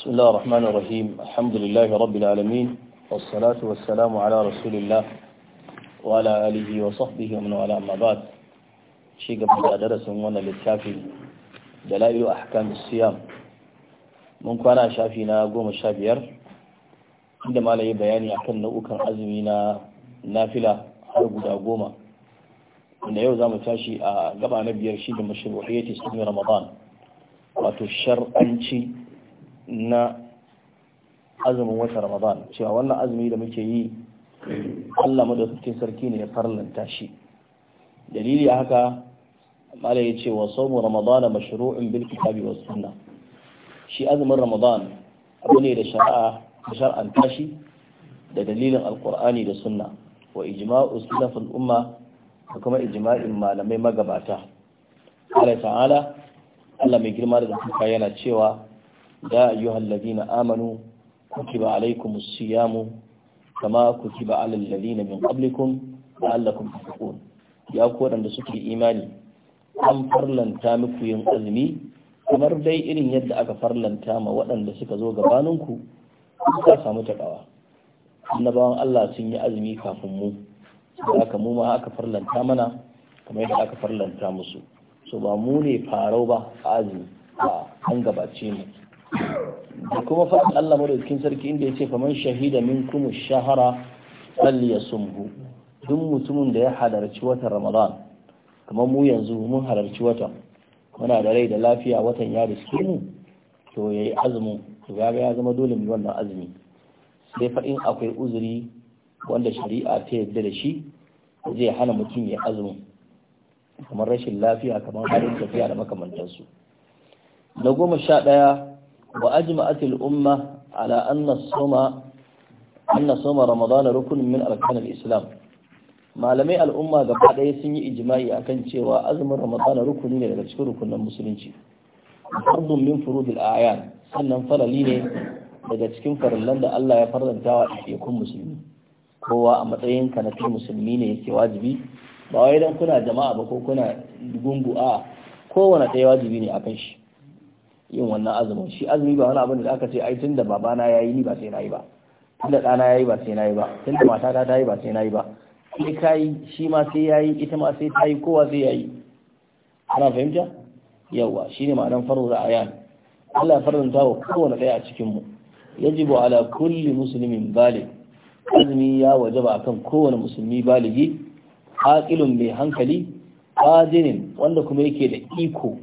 بسم الله الرحمن الرحيم الحمد لله رب العالمين والصلاة والسلام على رسول الله وعلى آله وصحبه ومن والاه أما بعد شيء قبل درس من للكافي دلائل أحكام الصيام من كان شافينا قوم الشابير عندما لا بياني أكن نوكا أزمينا نافلة حرب دا قوما إن يوزا متاشي قبل نبير شيء مشروعية سنة رمضان وتشرعنشي na azumin wata ramadan cewa wannan azumi da muke yi Allah suke sarki ne ya farlanta shi dalili haka mala ya ce wasu saumu ramadana mashru'in bil kitabi was sunna shi azumin ramadan abu ne da shari'a da shar'anta shi da dalilin da sunna wa ijma'u salaf umma da kuma ijma'in malamai magabata Allah ta'ala Allah mai girma da kuka yana cewa يا أيها الذين آمنوا كتب عليكم الصيام كما كتب على الذين من قبلكم لعلكم تتقون يا أخوان أن سكر إيماني أم فرلن تامكو ينقذني kamar dai irin yadda aka farlanta ma waɗanda suka zo gabaninku suka samu takawa annabawan Allah sun yi azumi kafin mu haka mu ma aka farlanta mana kamar yadda aka farlanta musu so ba mu ne farau ba a azumi ba an gabace mu da kuma faɗin Allah madaukakin sarki inda ya ce faman shahida kuma shahara sumhu duk mutumin da ya halarci watan Ramadan kamar mu yanzu mun halarci watan muna da rai da lafiya watan ya suke mu to yi azumin to ga ya zama dole mu wannan azumi sai faɗin akwai uzuri wanda shari'a ta yadda da shi zai hana mutum ya azumin kamar rashin lafiya kamar halin tafiya da makamantansu na goma sha ɗaya وأجمعت الأمة على أن الصوم أن صوم رمضان ركن من أركان الإسلام ما لمي الأمة قبل يسني إجماعي أكن شيء أزم رمضان ركن من الأشكر ركن المسلمين فرض من فروض الأعيان sannan farali ne daga cikin farallan da Allah ya faranta wa ɗaiɗaikun musulmi kowa a matsayin ka na musulmi ne yake wajibi ba wai dan kuna jama'a ba ko kuna gungu a kowane ɗaya wajibi ne akan shi yin wannan azumin shi azumi ba wani abin da aka ce ai tunda babana ya yi ni ba sai na yi ba tunda ɗana ya yi ba sai na yi ba tunda matata ta yi ba sai na yi ba sai ka yi shi ma sai ya yi ita ma sai ta yi kowa sai ya yi ana fahimta yawa shi ne ma'anar faru ra'ayan Allah ya faranta wa kowane ɗaya a cikinmu yajibu ala kulli musulmin bali. azumi ya wajaba akan kowane musulmi baligi haƙilun mai hankali ƙadinin wanda kuma yake da iko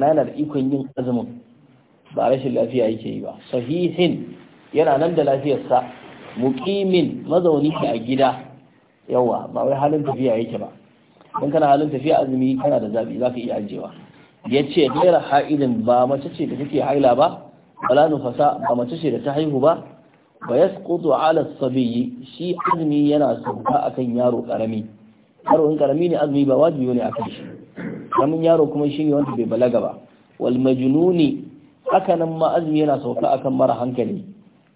da ikon yin azumin ba rashin lafiya yake yi ba sahihin yana nan da lafiyarsa muqimin mazauni a gida yawa ba wai halin tafiya yake ba don kana halin tafiya azumi kana da zabi zaka iya ajewa yace gaira ha'ilin ba mace ce da take haila ba Bala nufasa ba mace ce da ta haihu ba ba yasqutu ala sabiyi shi azumi yana sauka akan yaro karami yaro in karami ne azumi ba wajibi ne akan shi kamun yaro kuma shi wanda bai balaga ba wal majnuni hakanan ma azumi yana sauka akan mara hankali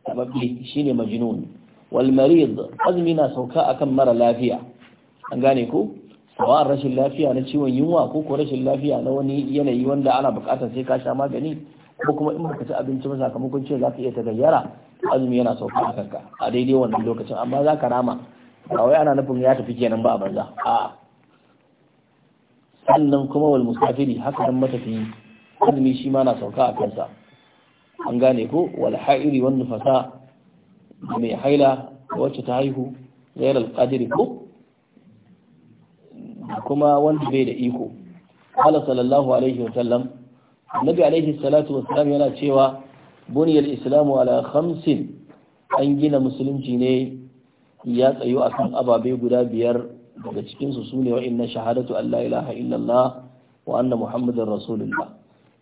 Sababbi shine majnun wal marid azumi yana sauka akan mara lafiya an gane ko sawa'an rashin lafiya na ciwon yunwa ko ko rashin lafiya na wani yanayi wanda ana bukatar sai ka sha magani ko kuma in baka ci abinci ba sakamakon ce za ka iya tagayyara azumi yana sauka akan ka. a daidai wannan lokacin amma za ka rama ba wai ana nufin ya tafi kenan ba a banza a'a sannan kuma wal musafiri haka dan matafiyi azumi shi ma na sauka a kansa an gane ko wal ha'iri wan nufasa mai haila wacce ta haihu ghayr al qadiri ko kuma wanda bai da iko qala sallallahu alaihi wa sallam nabi alaihi salatu wa salam yana cewa buniyal islamu ala khamsin an gina musulunci ne ya tsayo akan ababe guda biyar daga cikinsu su ne wa'inna shahadatu Allah ilaha illallah wa anna muhammadin rasulullah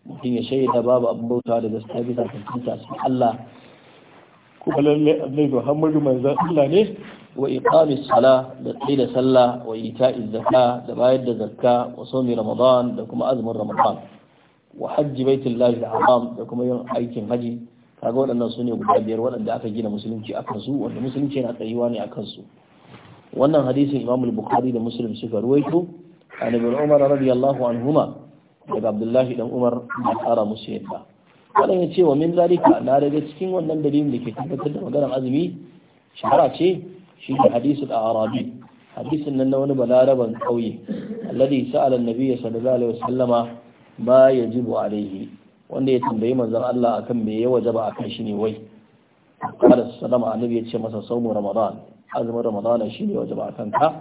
mutum ya shaida babu abin bauta da gaskiya bisa tantanta su Allah kuma lalle annabi muhammadu manzon Allah ne wa iqamis sala da tsaida sallah wa ita'iz zakka da bayar da zakka wa ramadan da kuma azumin ramadan wa hajji baitullahi al-haram da kuma yin aikin haji kaga waɗannan su ne guda biyar waɗanda aka gina musulunci akan su wanda musulunci yana tsayuwa ne akan su wannan hadisin Imam al-Bukhari da Muslim suka ruwaito an ibn Umar radiyallahu anhuma daga Abdullahi dan Umar da tsara musu yadda wannan ce wa min zalika na daga cikin wannan dalilin da ke tabbatar da maganar azumi shahara ce shi ne hadisul arabi hadisin nan na wani balaraban kauye alladhi sa'ala an-nabiy sallallahu alaihi wasallama ma yajibu alaihi wanda ya tambayi manzon Allah akan me ya wajaba akan shi ne wai qala sallama annabi ya ce masa saumu ramadan azumin ramadana shi ne waje ba a kanka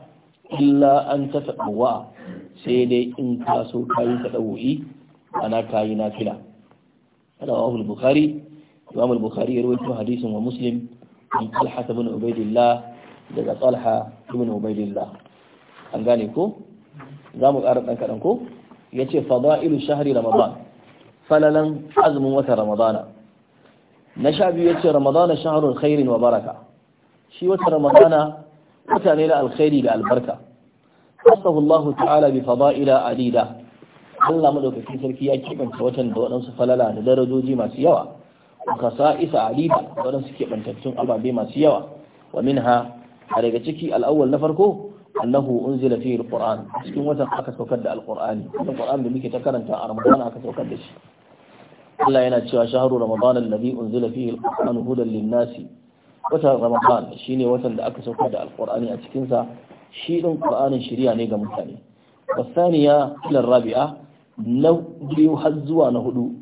illa an ta taɗawa sai dai in ka so ka yi taɗawo'i ana kayi na fila rawahul bukari. imam al ya rawaito hadisin wa muslim an talha ibn ubaidillah daga talha ibn ubaidillah an gane ko za mu ƙara ɗan kaɗan ko ya ce fada'ilu shahri ramadan falalan azumin watan ramadana na sha biyu ya ce ramadana shahrun khairin wa baraka shi wata ramadana wata ne Alkairi alkhairi da albarka asahu Allah ta'ala bi fada'ila adida Allah madaukakin sarki ya kibanta watan da waɗansu falala da darajoji masu yawa kasa isa adida waɗansu kebantattun ababe masu yawa wa minha a daga ciki al'awwal na farko annahu unzila fihi alquran cikin watan aka saukar da alqurani wannan qur'an da muke ta karanta a Ramadana aka saukar da shi Allah yana cewa shahru ramadan alladhi unzila fihi alquran hudan lin watan ramadan shine watan da aka sauka da alqur'ani a cikin sa shi din qur'anin shari'a ne ga mutane wasaniya ila rabi'a na biyu har zuwa na hudu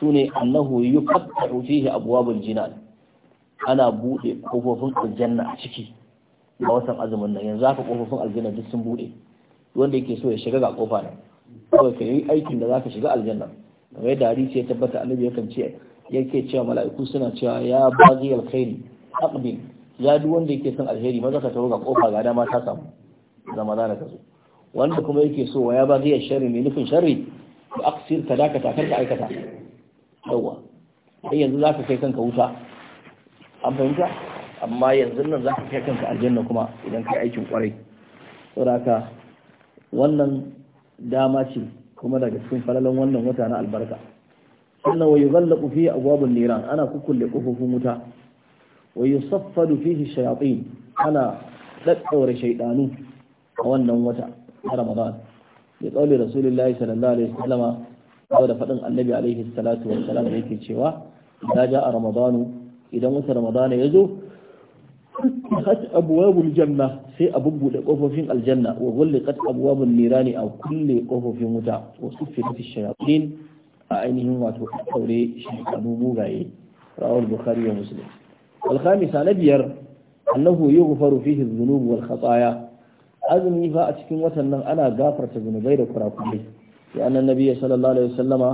sune annahu yuqatta'u fihi abwabul jinan ana bude kofofin aljanna a ciki a watan azumin nan yanzu haka kofofin aljanna duk sun buɗe? wanda yake so ya shiga ga kofa nan kawai ka yi aikin da zaka shiga aljanna kamar yadda hadisi ya tabbata annabi yakan ce yake cewa mala'iku suna cewa ya bazi alkhairi aqbil ya duk wanda yake son alheri maza ka taɓa ga kofa ga dama ta samu ramadana ta zo wanda kuma yake so wa ya ba zai sharri mai nufin sharri to aksir ka dakata kar ka aikata yawa sai yanzu za ka kai kanka wuta an fahimta amma yanzu nan za ka kai kanka aljanna kuma idan ka yi aikin kwarai saboda wannan dama ce kuma daga cikin falalan wannan wata na albarka sannan wa fiye fi abwabun niran ana kukkulle kofofin wuta wa yusaffadu fihi shayatin ana daddaure shaydanu a wannan wata na Ramadan ya kauli rasulullahi sallallahu alaihi wasallama da fadin annabi alaihi salatu wassalam da yake cewa Naja a ramadanu idan wata ramadana ya zo فتحت أبواب الجنة في أبو لقوف في الجنة وغلقت أبواب النيران أو كل قوف في متع وصفت الشياطين أعينهم وتحولي شيطان موغاي رواه البخاري ومسلم alkhamisa na biyar annahu yughfaru fihi adh-dhunub wal khataaya azumi fa a cikin watan nan ana gafarta zunubai da kurakurai ya annan nabi sallallahu alaihi wasallama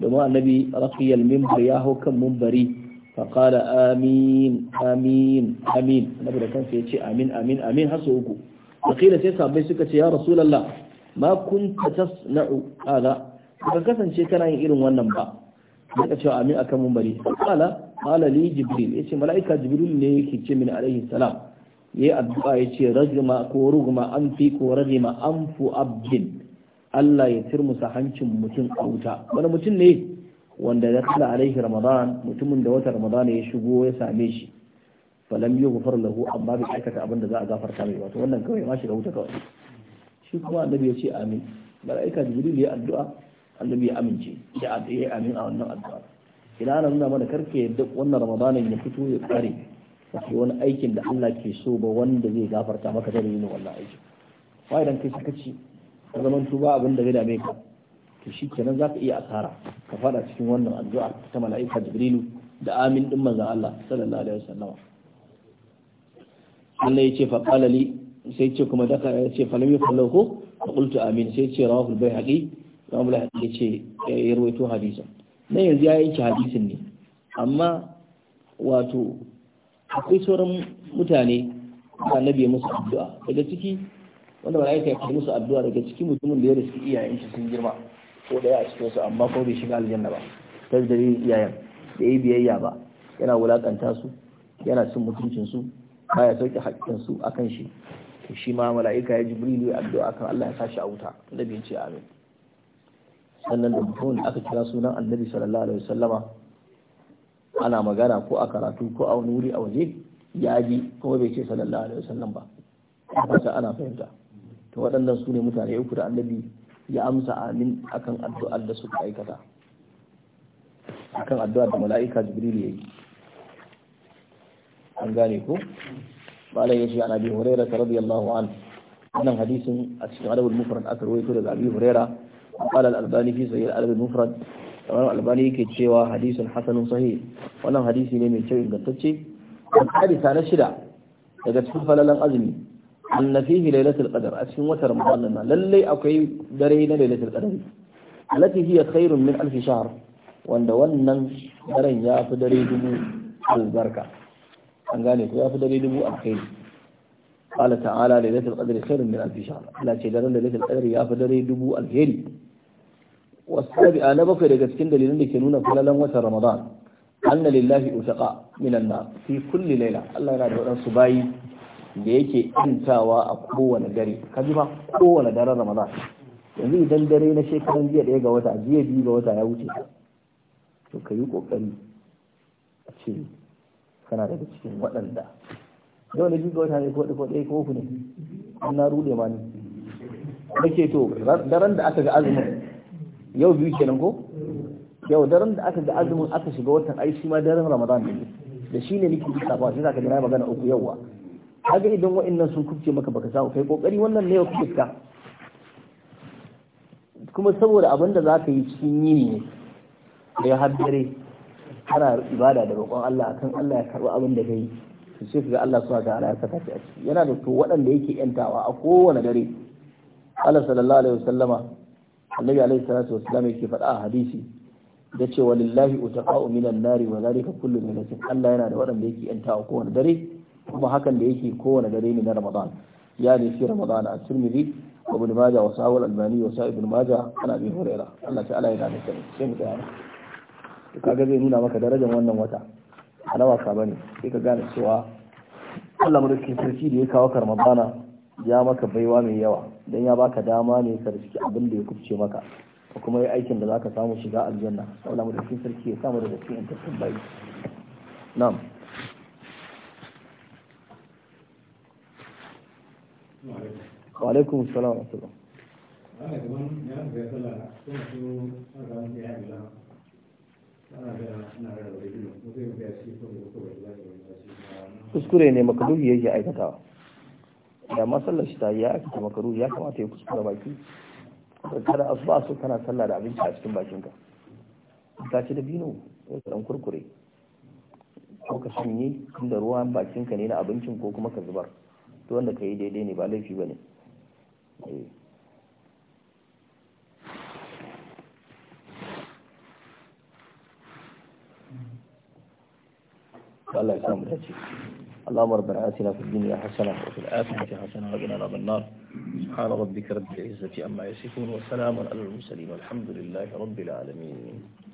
domin annabi raqiyal minbar ya hau kan minbari fa qala amin amin amin annabi da kansa yace amin amin amin har uku wakila sai sahabbai suka ce ya rasulullah ma kunta tasna'u hada kasance tana yin irin wannan ba ya ce amin akan qala li jibril yace malaika jibril ne yake ce min alaihi salam yi addu'a ce rajma ko rugma an fi ko rajma anfu abdin Allah ya cirmusa hancin mutum a wuta wani mutum ne wanda ya kala alaihi ramadan mutumin da wata ramadan ya shigo ya same shi falam yughfar lahu amma bai aikata abin da za a gafarta mai wato wannan kawai ma shiga wuta kawai shi kuma annabi ya ce amin mala'ika jibril ya addu'a annabi ya amince ya yi amin a wannan addu'a ina ana nuna mana karke duk wannan ramadanin ya fito ya kare kake wani aikin da Allah ke so ba wanda zai gafarta maka da yin wannan aiki fa idan kai sakaci ka zaman tuba abin da zai dame ka to shikenan zaka iya asara ka fada cikin wannan addu'a ta mala'ika Jibrilu da amin din manzon Allah sallallahu alaihi wasallam Allah yace fa qala li sai ce kuma daka yace fa lam yufallahu qultu amin sai ce rawahul bayhaqi Imam al-Hakim yace ya rawaito hadisin na yanzu ya yanke hadisin ne amma wato akwai sauran mutane na biya musu addu'a daga ciki wanda malaika ya yi musu addu'a daga ciki mutumin da ya rasu iyayen shi sun girma ko da ya a cikin su amma ko bai shiga aljanna ba ta dalilin iyayen da yi biyayya ba yana wulakanta su yana cin mutuncin su ya sauke haƙƙin su akan shi shi ma mala'ika ya jibrilu addu'a kan Allah ya sa shi a wuta da ya amin sannan da mutumin da aka kira sunan annabi sallallahu alaihi wasallama ana magana ko a karatu ko a wani wuri a waje ya ji kuma bai ce sallallahu alaihi wasallam ba haka ana fahimta to waɗannan sune mutane uku da annabi ya amsa amin akan addu'ar da suka aikata akan addu'ar da mala'ika jibril yayi an gane ko malai yace ana bi hurairah radiyallahu anhu wannan hadisin a cikin adabul mufrad aka rawaito da abi hurairah قال الألباني في صحيح الألب kamar albani yake cewa hadisin hasanun Sahi. wannan hadisi ne mai kyau ingantacce hadisa na shida daga cikin falalan azumi anna fihi lailatul qadr a cikin watan ramadan nan lalle akwai dare na lailatul qadr allati hiya khairun min alf shahr wanda wannan daren ya fi dare dubu albarka qala ta'ala lailatul qadri khairun min alf shahr Allah ce daren lailatul qadri ya fi dare dubu alheri wasabi na bakwai daga cikin dalilan da ke nuna falalan watan ramadan anna lillahi utaqa min an kulli layla Allah yana da wadansu bayi da yake intawa a kowane dare kaji ba kowane daren ramadan yanzu idan dare na shekaran jiya ɗaya ga wata jiya biyu ga wata ya wuce to ka yi ƙoƙari a ce kana daga cikin waɗanda yau na biyu ga wata ne ko ɗaya ko ko ku ne an na rude ma ni ke to daren da aka ga azumin yau biyu kenan ko yau daren da aka ga azumin aka shiga watan ai shi ma daren ramadan ne da shi ne nake bisa ba sai zaka ga magana uku yauwa kaga idan wa'annan sun kubce maka baka samu kai kokari wannan ne ya kubce kuma saboda abin da za ka yi cikin yini ne da ya haddare ana ibada da roƙon Allah akan Allah ya karɓi abin da ka yi to sai ga Allah subhanahu ta'ala ya saka shi a ciki yana da to waɗanda yake yantawa a kowane dare Allah sallallahu alaihi wasallama annabi alaihi salatu wasallam yake faɗa a hadisi da ce walillahi utaqa'u minan nari wa zalika kullu lailatin Allah yana da waɗanda yake yantawa kowane dare kuma hakan da yake kowane dare ne na Ramadan ya ne shi Ramadan a Tirmidhi wa Ibn Majah wa Sahih al-Albani wa Sahih Ibn Majah ana bi Hurairah Allah ta'ala yana da sani sai mu tsaya kaga zai nuna maka darajar wannan wata ana na wasa ba ne sai ka gane cewa Allah mulkin sarki da ya kawo karmabana ya maka baiwa mai yawa don ya baka dama ne ka riski abin da ya kubce maka ko kuma yi aikin da zaka samu shiga aljanna Allah mulkin sarki ya samu da cikin tattun bai na'am wa alaikum assalam wa rahmatullah kuskure ne makaruhi yake aikatawa da ma sallar shi ta yi ya aikata makaruhi ya kamata ya kuskura baki kada a zuwa su kana sallah da abinci a cikin bakinka ta ci da bino ya ka dan kurkure ko ka shanye inda ruwan bakinka ne na abincin ko kuma ka zubar to wanda ka yi daidai ne ba laifi ba ne eh. Allah ya samu اللهم ربنا آتنا في الدنيا حسنة وفي الآخرة حسنة وقنا عذاب النار سبحان ربك رب العزة عما يصفون وسلام على المرسلين والحمد لله رب العالمين